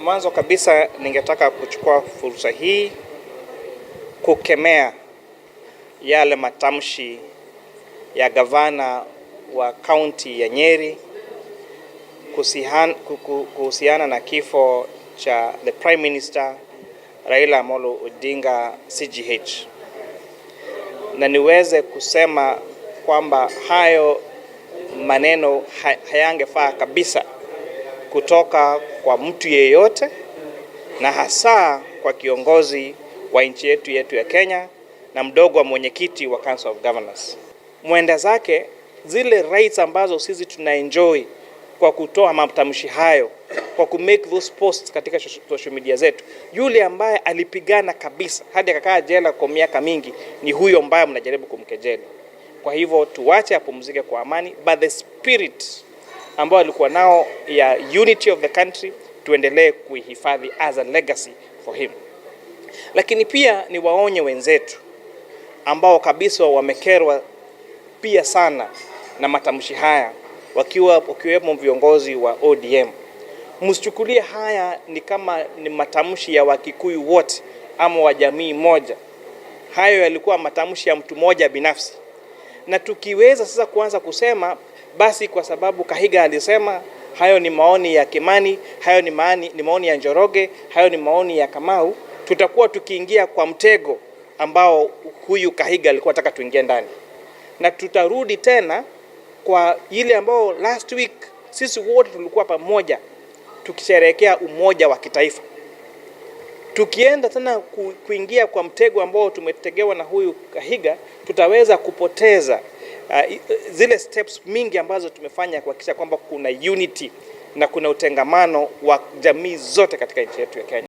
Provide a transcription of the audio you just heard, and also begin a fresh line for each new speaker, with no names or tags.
Mwanzo kabisa ningetaka kuchukua fursa hii kukemea yale matamshi ya gavana wa kaunti ya Nyeri kuhusiana na kifo cha the Prime Minister Raila Amolo Odinga CGH, na niweze kusema kwamba hayo maneno hayangefaa kabisa kutoka kwa mtu yeyote na hasa kwa kiongozi wa nchi yetu yetu ya Kenya na mdogo wa mwenyekiti wa Council of Governors. Mwenda zake zile rights ambazo sisi tuna enjoy kwa kutoa matamshi hayo, kwa ku make those posts katika social media zetu. Yule ambaye alipigana kabisa hadi akakaa jela kwa miaka mingi ni huyo ambaye mnajaribu kumkejeli. Kwa hivyo tuwache apumzike kwa amani, but the spirit ambao alikuwa nao ya unity of the country tuendelee kuihifadhi as a legacy for him. Lakini pia ni waonye wenzetu ambao kabisa wamekerwa pia sana na matamshi haya, wakiwa wakiwemo viongozi wa ODM, msichukulie haya ni kama ni matamshi ya Wakikuyu wote ama wa jamii moja. Hayo yalikuwa matamshi ya mtu mmoja binafsi, na tukiweza sasa kuanza kusema basi kwa sababu Kahiga alisema hayo ni maoni ya Kimani, hayo ni maoni, ni maoni ya Njoroge, hayo ni maoni ya Kamau, tutakuwa tukiingia kwa mtego ambao huyu Kahiga alikuwa anataka tuingie ndani, na tutarudi tena kwa ile ambayo last week sisi wote tulikuwa pamoja tukisherehekea umoja wa kitaifa, tukienda tena kuingia kwa mtego ambao tumetegewa na huyu Kahiga, tutaweza kupoteza uh, zile steps mingi ambazo tumefanya kuhakikisha kwamba kuna unity na kuna utengamano wa jamii zote katika nchi yetu ya Kenya.